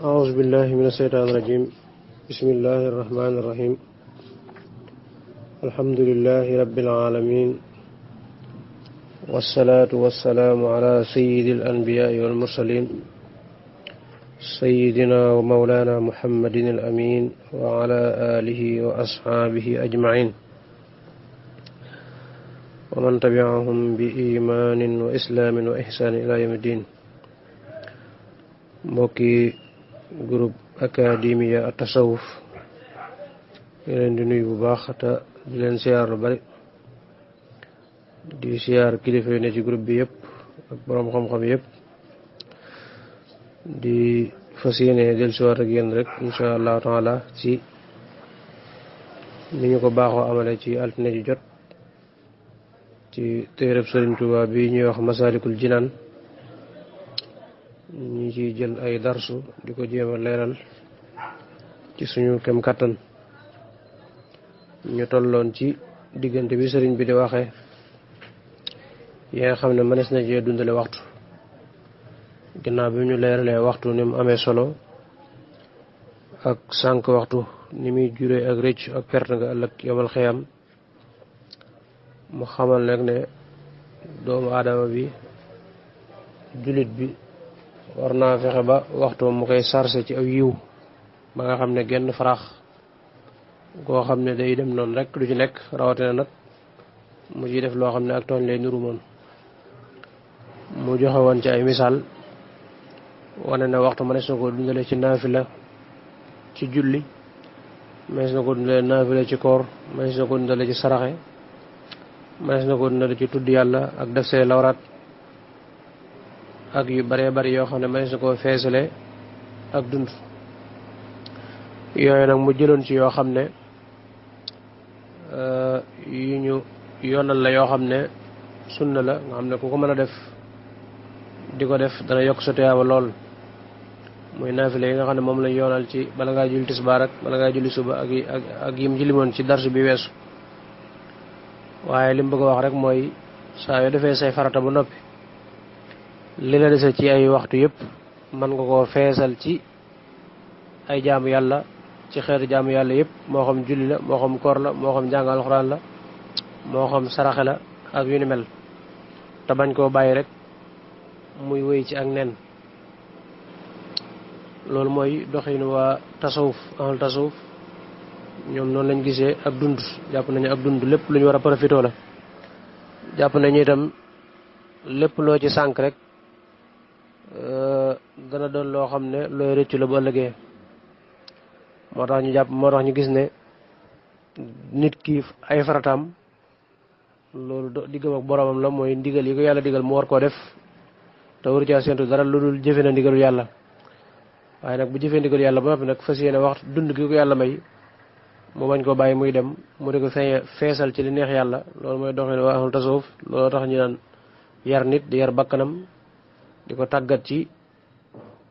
أعوذ بالله من الشيطان الرجيم بسم الله الرحمن الرحيم الحمد لله رب العالمين والصلاة والسلام على سيد الأنبياء والمرسلين سيدنا ومولانا محمد الأمين وعلى آله وأصحابه أجمعين ومن تبعهم بإيمان وإسلام وإحسان إلى يوم الدين mbokki groupe académia tasawuf ñu leen di nuyu bu baax te di leen siyaar lu bari di siyaar kilifa yu ne ci groupe bi yëpp ak boroom xam-xam yëpp di fas yéene del siwaat ak yéen rek insha allahu taala ci ni ñu ko baaxoo amale ci altine ji jot ci téereb Sëriñ Tuubaa bi ñuy wax Masaalikul Jinaan ñu ciy jël ay darsu di ko jéem leeral ci suñu kem kàttan ñu tolloon ci diggante bi sëriñ bi di waxe yi nga xam ne mënees na jee dundale waxtu ginnaaw bi ñu leeralee waxtu ni mu amee solo ak sànq waxtu ni muy juree ak rëcc ak perte nga ëllëg yomal xiyam mu xamal nag ne doomu aadama bi jullit bi war naa fexe ba waxtu mu koy chargé ci aw yiw ba nga xam ne genn farax koo xam ne day dem noonu rek du ci nekk rawatina nag mu ciy def loo xam ne ak tooñ lay nuru moon mu joxe woon ci ay misaal wane na waxtu mënees na koo dundale ci naafila ci julli mënees na koo dundale naafila ci koor mënees na ko dundale ci saraxe mënees na koo dundale ci tudd yàlla ak def see lawraat ak yu bare bari yoo xam ne mënees ko feesale ak dund yooyu nag mu jëloon ci yoo xam ne eh, yu ñu yoonal la yoo xam ne sunna la nga xam ne ku ko mën def di def dana yokk sa tuyaaba lool muy naafile yi nga xam ne moom lañ yoonal ci bala ngaa julli tisbaar ak bala ngaa julli suba ak ak yim ci limoon ci darsu bi weesu waaye lim bëgg wax rek mooy saa yoo defee say farata bu noppi li la dese ci ay waxtu yëpp mën nga koo feesal ci ay jaamu yàlla ci xeetu jaamu yàlla yëpp moo xam julli la moo xam koor la moo xam jàng alxuraan la moo xam saraxe la ak yu ni mel te bañ koo bàyyi rek muy wéy ci ak nen loolu mooy doxin waa tasawuf amal tasawuf ñoom noonu lañ gisee ak dund jàpp nañu ak dund lépp lu war a profitoo jàpp nañu itam lépp loo ci sànk rek Euh, dana doon loo xam ne looy rëccu la bu ëllëgee moo tax ñu jàpp moo tax ñu gis ne nit kii ay farataam loolu do diggam ak boromam la mooy ndigal yi ko yàlla digal mu war koo def te waru caa séntu dara lu dul jëfe na ndigalu yàlla waaye nag bu jëfee ndigalu yàlla ba noppi nag fas yéene waxtu dund gi ko yàlla may mu bañ koo bàyyi muy dem mu di ko fee feesal ci li neex yàlla loolu mooy doxin waa ahlul tasawuf looloo tax ñu naan yar nit di yar bakkanam di ko tàggat ci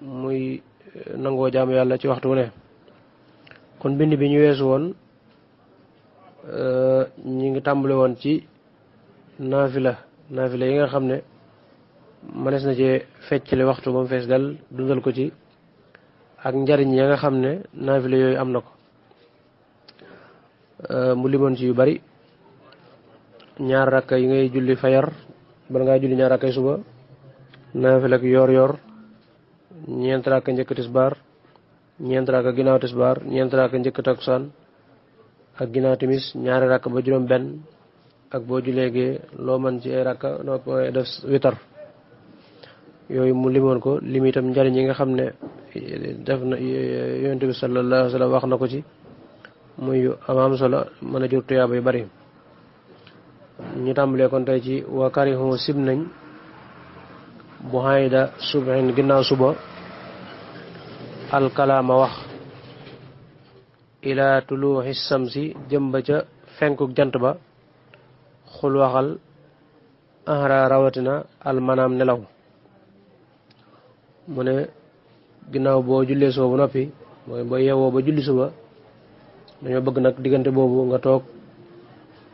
muy eh, nangoo jaamu yàlla ci waxtu wu ne kon bind bi ñu weesu woon eh, ñi ngi tàmbale woon ci naafila naafila yi nga xam ne mënees na cee feccale waxtu ba mu fees dal dundal ko ci ak njariñ ya nga xam ne naafila yooyu am na ko eh, mu limoon ci yu bari ñaar rakka yi ngay julli fajar bala ngaa julli ñaar rakka yi suba nafil ak yor yor ñeent raaka njëkk tisbaar ñeent raaka ginnaaw tisbaar ñeent raaka njëkk takkusaan ak ginaaw timis ñaari rak ba juroom ben ak bo juleegee lo man ci ay rak no ko def witar yoy mu limon ko limitam itam ñi nga xamne ne def na yonente bi sallallahu alaihi wasallam wax na ko ci muy amam solo mën a jur tuyaaba yu bari ñu tàmbalee kon tay ci wa karihu sibnañ bu da subhin ginnaaw suba alkalaama wax ila tuluuxi samsi jëmba ca fenkuk jant ba xul waxal ahra rawatina almanaam nelaw mu ne ginnaaw boo jullee suba bu noppi mooy boo yewwoo ba julli suba dañoo bëgg nag diggante boobu nga toog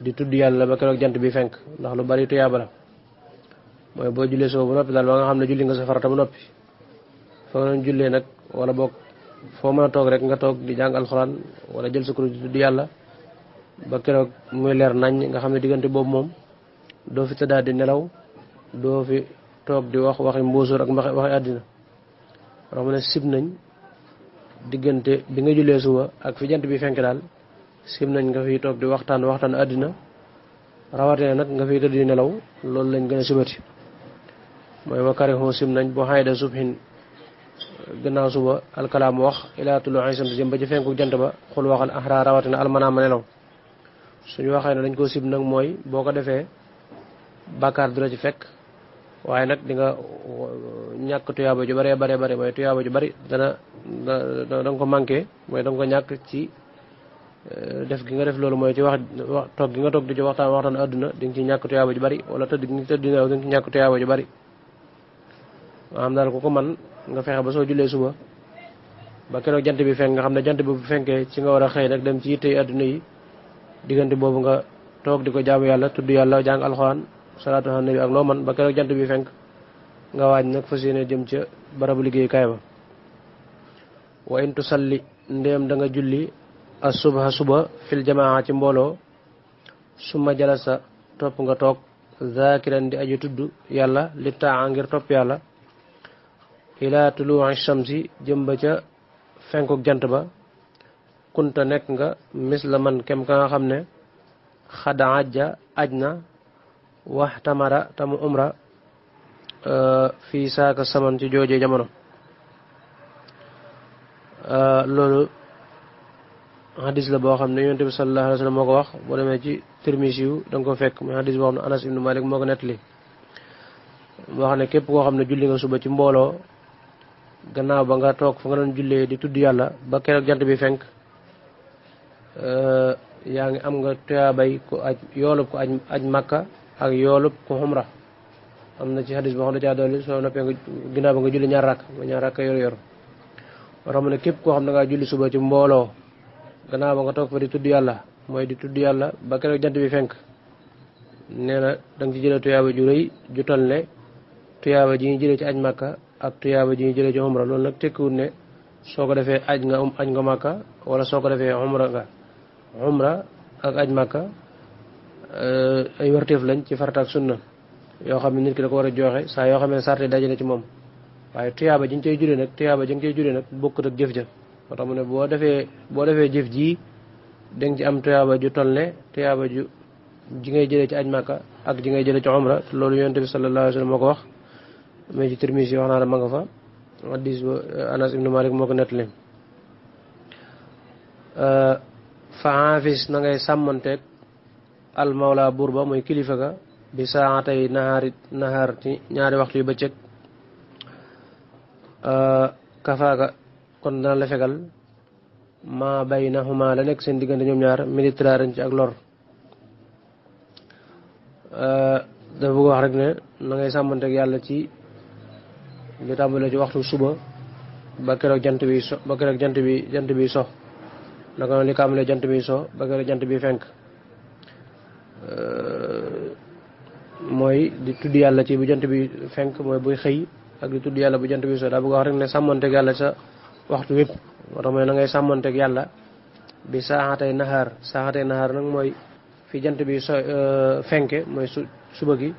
di tudd yàlla ba keroog jant bi fenk ndax lu bari tuyaaba mooy boo jullee suba ba noppi daal ba nga xam ne julli nga sa farata bu noppi foo mën a jullee nag wala boog foo mën a toog rek nga toog di jàng alxuraan wala jël sa kuréel di tudd yàlla ba keroog muy leer nañ nga xam ne diggante boobu moom doo fi tëddaat di nelaw doo fi toog di wax waxi mbuusur ak waxi àddina wax mu ne sib nañ diggante bi nga jullee suba ak fi jant bi fenk daal sib nañ nga fiy toog di waxtaan waxtaan àddina rawatina nag nga fiy tëdd di nelaw loolu lañ gën a sibati mooy wakarihu sim nañ bu xayda subhin gannaaw suba alkalaamu wax ilaa tullu'i shamsi jëm ba ci fenku jant ba xul waxal ahraa rawatina almanaama nelaw suñu waxee ne dañ ko sib nag mooy boo ko defee bàkkaar di la ci fekk waaye nag dinga nga ñàkk tuyaaba ju bari bare bëri mooy tuyaaba ju bëri dana da ko manqué mooy da nga ñàkk ci eh, def gi nga def loolu mooy ci wax toog gi nga toog di ci waxtaan waxtaan adduna di nga ci ñàkk tuyaaba ju bëri wala tëdd gi nga tëdd nelaw ci ñàkk tuyaaba ju bëri maanaam daal ku ko man nga fexe ba soo jullee suba ba keroog jant bi fenk nga xam ne jant boobu bu fenkee ci nga war a xëy nag dem ci yitte àdduna yi diggante boobu nga toog di ko jaamu yàlla tudd yàlla jàng alxuraan salaatu ala man ba keroog jant bi fenk nga waaj nag fas yéene jëm ca barabu liggéeyukaay ba wa in tusalli ndéem da nga julli as suba fil jamaa ci mbooloo suma jalasa topp nga toog zaakiran tudd yàlla li taa ngir topp yàlla ila tulu'i shamsi jëm ba ca fenku jant ba kunta nek nga misla kem ka nga ajja ajna tamara tamu umra euh, fi saaka saman ci jojje jamono euh, lolu hadis la bo xamne yunus yonte bi sallallahu alaihi wasallam moko wax bo demé ci yu dang ko fekk hadis bo xamne anas ibnu malik moko netli nettali boo xam ne julli nga suba ci mbolo gannaaw ba nga toog fa nga doon jullee di tudd yàlla ba keroog jant bi fenk eh, yaa ngi am nga tuyaabay ku aj yoolub ko aj aj makka ak yoolub ku xumra am na ci hadis boo xam ne caa dolli soo noppee nga ginnaaw ba nga julli ñaar rakk nga ñaar rakk yor yor war xam ne képp koo xam ne ngaa julli suba ci mbooloo gannaaw ba nga toog fa di tudd yàlla mooy di tudd yàlla ba keroog jant bi fenk nee na da nga ci jëlee tuyaaba ju rëy ju ne tuyaaba ji ñu jëlee ci aj makka ak tuyaaba ji ñu jëlee ci umra loolu nag tekkiwut ne soo ko defee aj nga um, aj nga màkka wala soo ko defee umra nga umra ak aj màkka euh, ay warteef lañ ci farata ak sunna yoo xam ne nit ki da ko war a joxe saa yoo xam ne sarte daje na ci moom waaye tuyaaba ji nga cay jure nag tuyaaba ji nga cay jure nag bokkut ak jëf ja moo tax ne boo defee boo defee jëf jii danga ci am tuyaaba ju toll ne tuyaaba ju ji ngay jële ci aj màkka ak ji ngay jëlee ci umra loolu yonent bi sallallahu alayhi wa sallam moo ko wax mais ci Tirmisi wax naa la ma nga fa hadis ba euh, Anas ibnu Malik moo ko nettali euh, fa haafis na ngay sàmmanteeg al buur ba mooy kilifa ga bi saatay nahaari nahaar ci ñaari waxtu yu bëccëg euh, kafaaga kon dana la fegal maa baynahuma la nekk seen diggante ñoom ñaar militararin ci ak lor dafa bëgg wax rek ne na ngay yàlla ci lu tambal ci waxtu suba ba keroog jant bi so ba keroog jant bi jant bi so naka noonu li kàmbalee jant bi so ba keroog jant bi fenk moy di tudd yalla ci bu jant bi fenk moy bu xey ak di tudd yalla bu jant bi so da bu wax rek ne samonté yalla sa waxtu wep motax moy mooy na ngay samonté yalla bi saatay nahar saatay nahar nak moy fi jant bi so fenke mooy su suba gi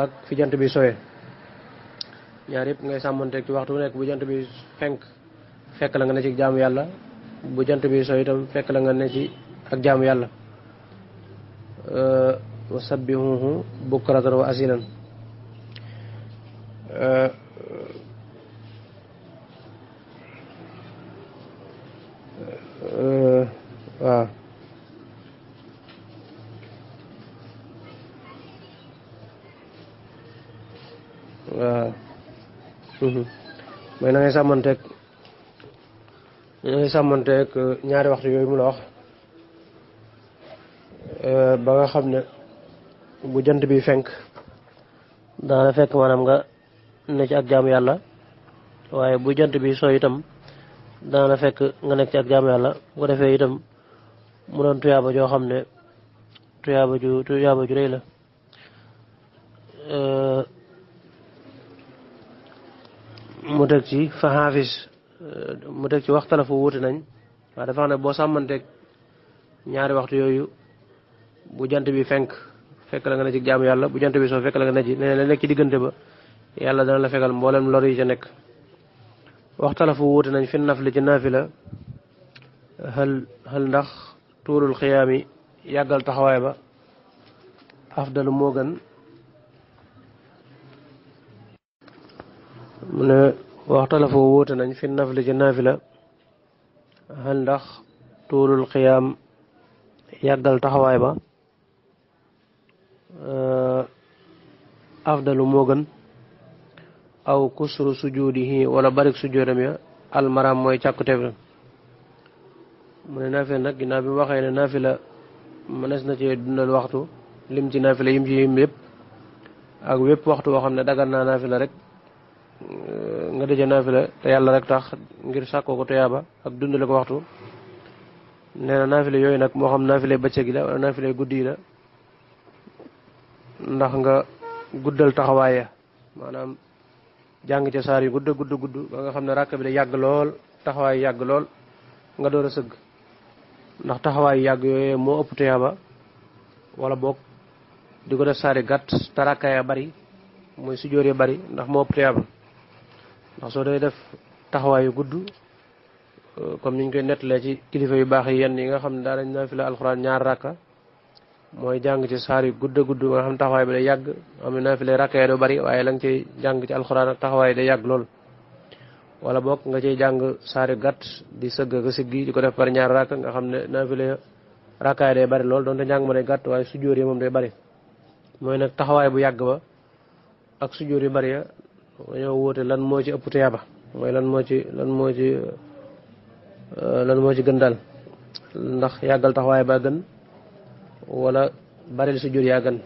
ak fi jant bi soye ñaar yëpp ngay sàmmanteeg ci waxtu nekk bu jant bi fenk fekk la nga ne ci jaamu yàlla bu jant bi so itam fekk la nga ne ci ak jaamu yàlla wa sabbihuhu bukratan wa asilan mooy na ngay sàmmanteeg eh, ñaari waxtu yooyu mu la wax eh, ba nga xam ne bu jant bi fenk dana la fekk maanaam nga ne ci ak jaamu yàlla waaye bu jant bi sooy itam dana fekk nga nekk ci ak jaamu yàlla bu ko defee itam mu doon tuyaaba joo xam ne tuyaaba ju tuyaaba la eh, mu teg ci fa xaafis euh, mu teg ci waxtalafu wuute nañ waaye dafa xam ne boo sàmmanteeg ñaari waxtu yooyu bu jant bi fenk fekk la nga ne ci jaamu yàlla bu jant bi soo fekk la nga ne la nekk ci diggante ba yàlla dana la fegal mboolem lor yi ca nekk waxtalafu wuute nañ fi naf li ci naafi la xël xël ndax tuulul mi yàggal taxawaay ba afdalu moo gën mu ne waxtalafu wuute nañ fi nafli ci naafila xan ndax tuulul xiyaam yàggal taxawaay ba afdalu moo gën aw kusru sujudihi wala barik sujudam ya almaram mooy càkkuteef la mu ne naafila nag ginnaaw bi mu waxee ne naafila mënees na ci dundal waxtu lim ci naafila yim ci yim yëpp ak wépp waxtu woo xam ne dagan naa naafila rek Euh, nga dëje naafila te yàlla rek tax ngir sàkkoo ko tuyaaba ak dundale ko waxtu nee naafila yooyu nag moo xam naafila ba yi la wala naafila guddi yi la ndax nga guddal taxawaaya maanaam jàng ca saar yu gudd gudd gudd nga xam ne ràkk bi da yàgg lool taxawaay yàgg lool nga door a sëgg ndax taxawaay yàgg yooyee moo ëpp tuyaaba wala boog di ko def saari gàtt te ràkkaaya bari mooy sujjóor yi bari ndax moo ëpp tuyaaba ndax soo dee def taxawaayu gudd euh, comme niñ koy nettalee ci kilifa yu baax yi yenn yi nga xam ne daa dañ naa fi la alxuraan ñaar rakka mooy jàng ci saar yu gudd gudd nga xam taxawaay bi day yàgg am naa fi lay rakka do bari waaye la nga jang jàng ci alxuraan ak taxawaay day yàgg lool wala bokk nga ciy jàng saar yu gàtt di sëgg ka siggi di ko def par ñaar rakka nga xam ne naa fi lay rakka day bari lool doonte jang ma day gàtt waaye sujjóor yi moom day bari mooy nag taxawaay bu yàgg ba ak sujjóor yu bari ya dañoo wuute lan moo ci ëpp tuyaaba mooy lan moo ci lan moo ci euh, moo ci gën daal ndax yàggal taxawaay ba gën wala baril su jur yàggan gën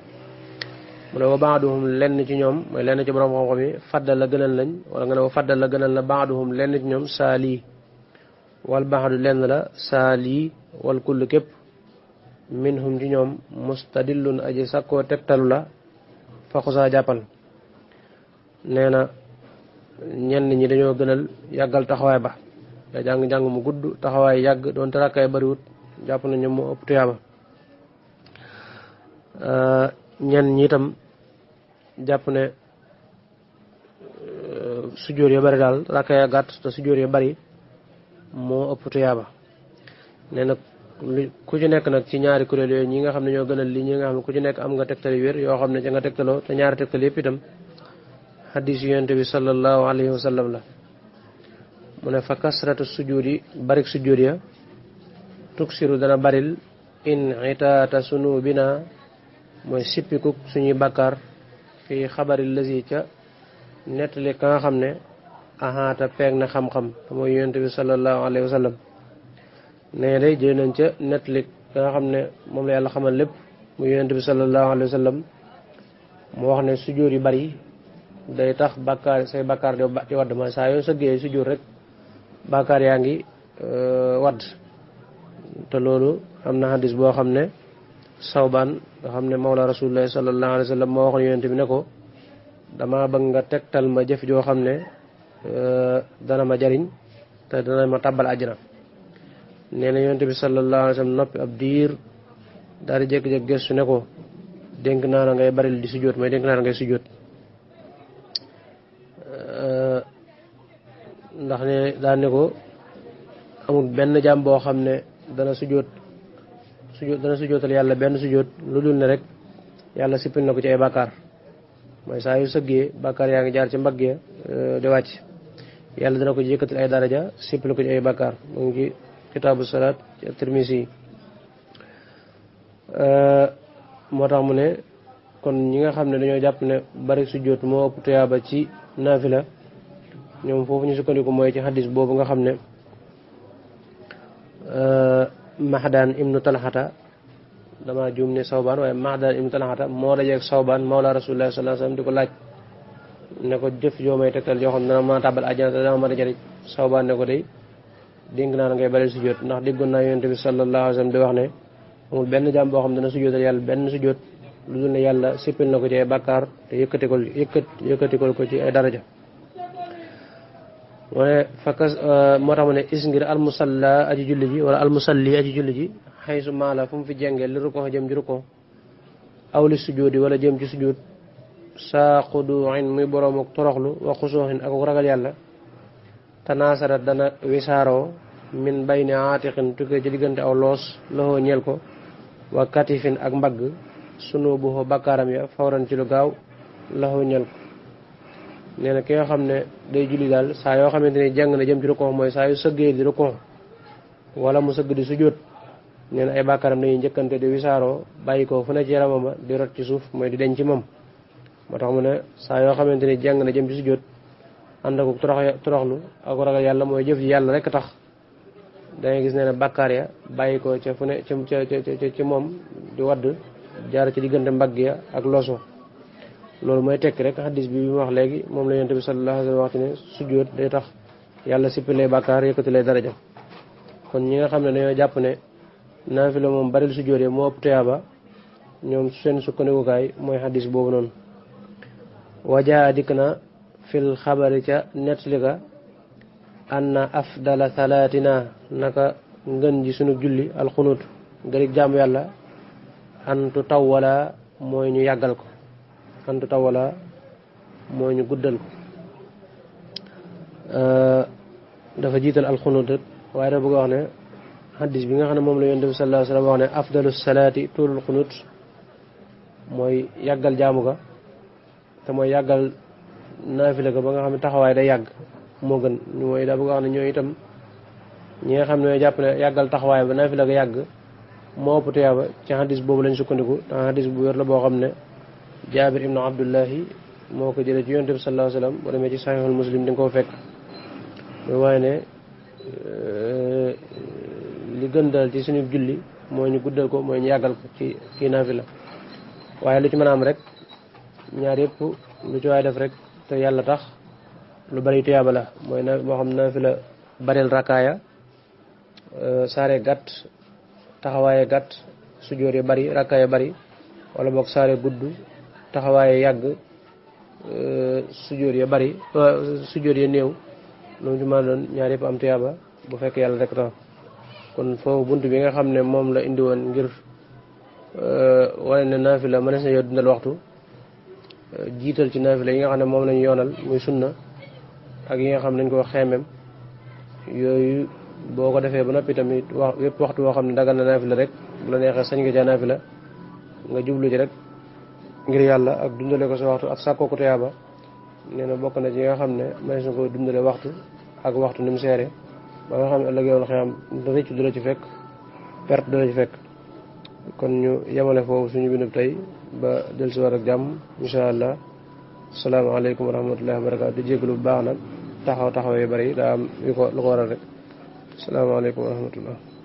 mu ne wa baaduhum lenn ci ñoom mooy lenn ci borom xam-xam yi faddal la gënal lañ wala nga ne wa faddal la gënal la baaduhum lenn ci ñoom saali wal baadu lenn la saali wal kull képp minhum ci ñoom mustadillun aji sakkoo tegtalu la faxusaa jàppal nee na ñenn ñi dañoo gënal yàggal taxawaay ba nga jàng jàng mu gudd taxawaay yàgg doon te rakkaay bariwut jàpp na ñoom moo ëpp tuyaaba ñenn ñi itam jàpp ne sujjóor yu bari daal rakkaay ya gàtt te sujjóor yu bari moo ëpp tuyaaba nee na ku ci nekk nag ci ñaari kuréel yooyu ñi nga xam ne ñoo gënal lii ñi nga xam ne ku ci nekk am nga tegtal yu wér yoo xam ne ca nga tegtaloo te ñaari tegtal yëpp itam xadis yonent bi sallallahu alayhi wa la mu ne fa kasratu sujudi barik sujud ya tuksiru dana baril in itaata sunu bina mooy sippikuk suñuy bàkkaar fii xabari lazi ca nettali ka nga xam ne ahaata peeg na xam-xam te mooy yonent bi sallallahu alayhi wa sallam nee moom la yàlla xamal lépp mu yonent wax ne sujud yu bari dari tak bakar saya bakar di obat ma saa saya segi sujur rek bakar yaa ngi wadd hadis buah hamne sauban hamne maula rasulullah sallallahu alaihi wasallam mau moo yang yonent ko dama bangga tek tal ma jëf hamne eh, dana majarin jariñ dana ma tàbbal àjjana nee sallallahu alaihi wasallam sallam abdir dari jek jek ne ko nangai baril di sujud, daan ne ko amul benn jàmm boo xam ne dana sujjóot sujjóot dana sujjóotal yàlla benn sujjóot lu dul ne rek yàlla sippil na ko ci ay bàkkaar mooy saa yu sëggee bàkkaar yaa ngi jaar ci mbagg ya euh, di wàcc yàlla dana ko yëkkatil ay daraja sippil ko ci ay bàkkaar mu ngi ci kitaabu salaat ci Tirmisi yi euh, moo tax mu ne kon ñi nga xam ne dañoo jàpp ne bari sujjóot moo ëpp tuyaaba ci naafila ñoom foofu ñu sukkandiku mooy ci xadis boobu nga xam ne im euh, ibnu Talxata dama juum ne Sawbaan waaye Maxdaan ibnu Talxata moo dajeeg Sawbaan la rasulillahi sallallahu alayhi wasallam di ko laaj ne ko jëf joo may tegtal yoo xam ne dana mën a tàbbal te dama mën a jëriñ Sawbaan ne ko day dénk naa la ngay bari sujjóot ndax déggoon naa yonent bi sallallahu alayhi di wax ne amul benn jaam boo xam ne dana sujjóotal yàlla benn sujjóot lu dul ne yàlla sippil na ko ci ay te yëkkatikol yëkkat yëkkatikol ko ci ay daraja mu ne fakka moo tax mu ne is ngir almusalla aji julli ji wala almusalli aji julli ji xëy maala fu fi jengee li rukkoo jëm ci rukkoo aw li sujuudi wala jëm ci sujuud saa quduin muy boroom ak toroxlu wa xusooxin ak ragal yàlla tanaasara dana wisaaroo min bayni aatiqin tukkee ci diggante aw loos loxoo ñeel ko wa katifin ak mbagg sunu buxoo bakkaaram ya fawran ci lu gaaw loxoo ñeel ko neena na ki nga ne day julli dal sa yo xamantene jang na jëm ci rukoo moy sa yu seugge di rukoo wala mu seug di sujud neena ay bakaram dañuy di wisaro bayiko fu ne ci ramama di rot ci suuf moy di denc ci moom moo mu ne sa yo xamantene jang na jëm ci sujud ànd ak torox toroxlu ak ragal yalla moy jëf ji yalla rek tax da ngay gis neena na ya bayiko ko fu ne ci ci ca ci mom di wad jaar ci digënde mbagg ya ak loso loolu mooy tekki rek xaddis bi bi mu wax léegi moom la yonent bi sallallahu alayhi wa sallam wax ci day tax yàlla sippilee bàkkaar yëkkati lay daraja kon ñi nga xam ne dañoo jàpp ne naafila moom baril sujjóot yi moo ñoom seen sukkandikukaay mooy xaddis boobu noonu wajaa na fil xabari ca nettali ka anna afdala salaatina naka ji sunu julli alxunut gërig jaamu yàlla antu taw wala mooy ñu yàggal ko xantu tawala moo ñu guddal ko euh, dafa jiital alxunut waaye dafa bëgg a wax ne xaddis bi nga xam ne moom la yonent bi sa alayhi wa sallam wax ne afdalu salaati tuulul mooy yàggal jaamu ga te mooy yàggal naafila ba nga xam ne taxawaay day yàgg moo gën mooy daa bëgg a wax ne ñooy itam ñi nga xam ne ñooy jàpp ne yàggal taxawaay ba naafila ga yàgg moo ëpp tuyaaba ci xaddis boobu lañ sukkandiku te xaddis bu wér la boo xam ne jaabir ibnu abdullahi moo ko jëlee ci yonte bi sallallahu alayhi wa sallam boo demee ci saxiixul muslim di ko fekk muy waaye ne euh, li gën daal ci suñu julli mooy ñu guddal ko mooy ñu yàggal ko ci kii naafila waaye lu ci mën a am rek ñaar yëpp lu ci waay def rek te yàlla tax lu bari tuyaaba la mooy na moo xam naafila bareel rakkaaya euh, saare gàtt taxawaaye gàtt sujóor yi bari rakkaaya bari walla boog saaree gudd taxawaaye yàgg euh, sujjóot ya bari sujjóot ya néew noonu ci ma doon ñaar yëpp am tuyaaba bu fekk yàlla rek tax kon foofu bunt bi nga xam ne moom la indi woon ngir euh, wane na yoo dundal waxtu euh, jiital ci naafila yi nga xam ne moom lañu yoonal muy sunna ak yi nga xam ne dañ koo xeemem yooyu boo ko defee ba noppi tamit wax yëpp waxtu woo xam ne dagal na naafila rek bu la neexee sañ nga ca naafila nga jublu ci rek ngir yàlla ak dundale ko sa waxtu ak sàkkoo ko tuyaaba nee na bokk na ci nga xam ne may su ko dundale waxtu ak waxtu ni mu seere ba nga xam ne ëllëg yoon xiyam rëcc du la ci fekk perte du la ci fekk kon ñu yemale foofu suñu bindub tey ba del si war ak jàmm insha allah salaamaaleykum wa rahmatullahi wa di jégalu bu baax nag taxaw taxaw bari daa am lu ko waral rek salaamaaleykum wa rahmatullah